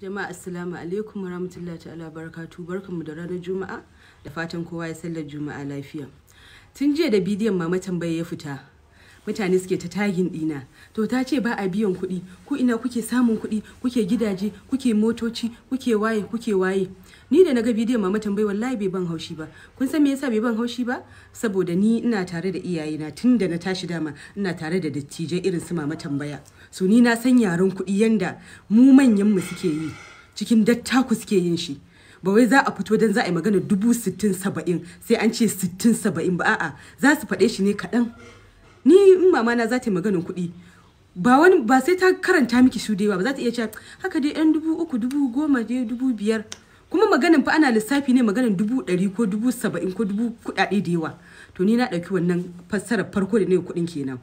jama'a assalamu alaikum warahmatullahi ta'ala barakatu barkanmu da ranar juma'a da fatan kowa ya sallar juma'a lafiya tun jiya da bidiyon mama tambaya ya fita mutane suke ta tagin dina to ta ce ba a biyan kuɗi ku ina kuke samun kuɗi kuke gidaje kuke motoci kuke waye kuke waye ni da naga ga bidiyon mama tambayi wallahi bai ban haushi ba kun san me yasa bai ban haushi ba saboda ni ina tare da iyayena tun da na tashi dama ina tare da dattijai irin su mama tambaya so ni na san yaren kuɗi yanda mu manyan mu suke yi cikin dattaku suke yin shi ba wai za a fito dan za a yi magana dubu sittin saba'in sai an ce sittin saba'in ba a'a za su faɗe shi ne kaɗan ni in mama na za ta yi maganin kuɗi ba wani ba sai ta karanta miki su da yawa ba za ta iya cewa haka dai yan dubu uku dubu goma dai dubu biyar kuma maganin fa ana lissafi ne maganin dubu ɗari ko dubu saba'in ko dubu kuɗaɗe da yawa to ni na ɗauki wannan fassarar farko da ne kuɗin kenan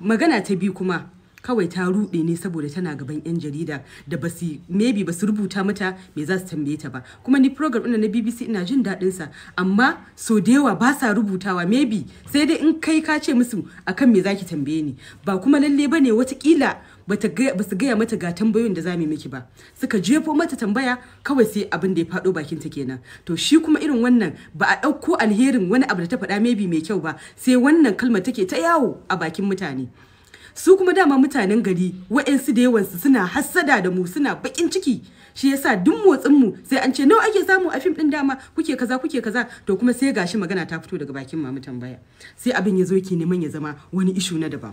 magana ta biyu kuma kawai ta ruɗe ne saboda tana gaban 'yan jarida da ba su maybe rubuta mata me za su tambaye ta ba kuma ni program ɗin na BBC ina jin daɗin sa amma so da yawa ba sa rubutawa maybe sai dai in kai ka ce musu akan me zaki tambaye ni ba kuma lalle bane watakila ba su gaya mata ga tambayoyin da za mu miki ba suka jefo mata tambaya kawai sai abin da ya faɗo bakin ta kenan to shi kuma irin wannan ba a ɗauko alherin wani abu da ta faɗa maybe mai kyau ba sai wannan kalmar take ta yawo a bakin mutane su kuma dama mutanen gari waɗansu da yawansu suna hassada da mu suna bakin ciki shi yasa duk motsin mu sai an ce nawa ake samu a fim din dama kuke kaza kuke kaza to kuma sai gashi magana ta fito daga bakin mamu tambaya sai abin ya zo ki neman ya zama wani ishu na daban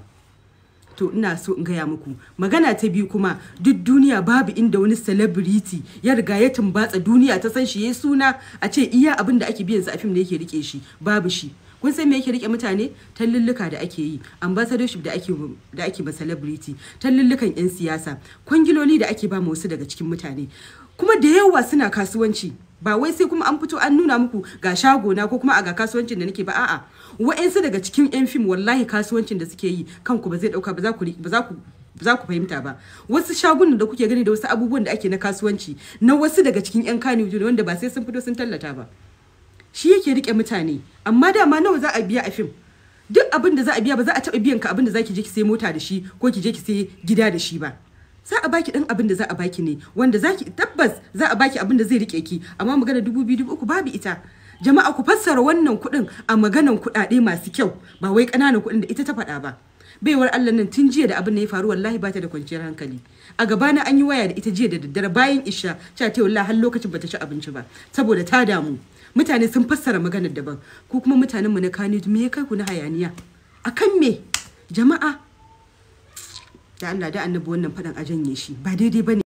to ina so in gaya muku magana ta biyu kuma duk duniya babu inda wani celebrity ya riga ya tumbatsa duniya ta san shi yayi suna a ce iya abin da ake biyan sa a fim da yake rike shi babu shi kun san me yake rike mutane tallulluka da ake yi ambassadorship da ake da ake ba celebrity tallullukan yan siyasa kwangiloli da ake ba wasu daga cikin mutane kuma da yawa suna kasuwanci ba wai sai kuma an fito an nuna muku ga shago na ko kuma a ga kasuwancin da nake ba a'a wa'ensu daga cikin yan fim wallahi kasuwancin da suke yi kanku ba zai dauka ba za ku ba za ku za ku fahimta ba wasu shagunan da kuke gani da wasu abubuwan da ake na kasuwanci na wasu daga cikin yan kani wanda ba sai sun fito sun tallata ba shi yake rike mutane amma dama nawa za a biya a fim duk abin da za a biya ba za a taɓa biyan ka abin da za ki je ki sai mota da shi ko ki je ki sai gida da shi ba za a baki dan abin da za a baki ne wanda zaki tabbas za a baki abin da zai rike ki amma magana dubu biyu dubu uku babu ita jama'a ku fassara wannan kuɗin a maganan kuɗaɗe masu kyau ba wai ƙananan kuɗin da ita ta faɗa ba baiwar Allah nan tun jiya da abin da ya faru wallahi ba ta da kwanciyar hankali a gaba na an yi waya da ita jiya da daddare bayan isha cewa ta wallahi har lokacin bata ci abinci ba saboda ta damu mutane sun fassara maganar daban ku kuma mutanen mu na kani me ya kai ku na hayaniya akan me jama'a da Allah da annabi wannan fadan a janye shi ba daidai bane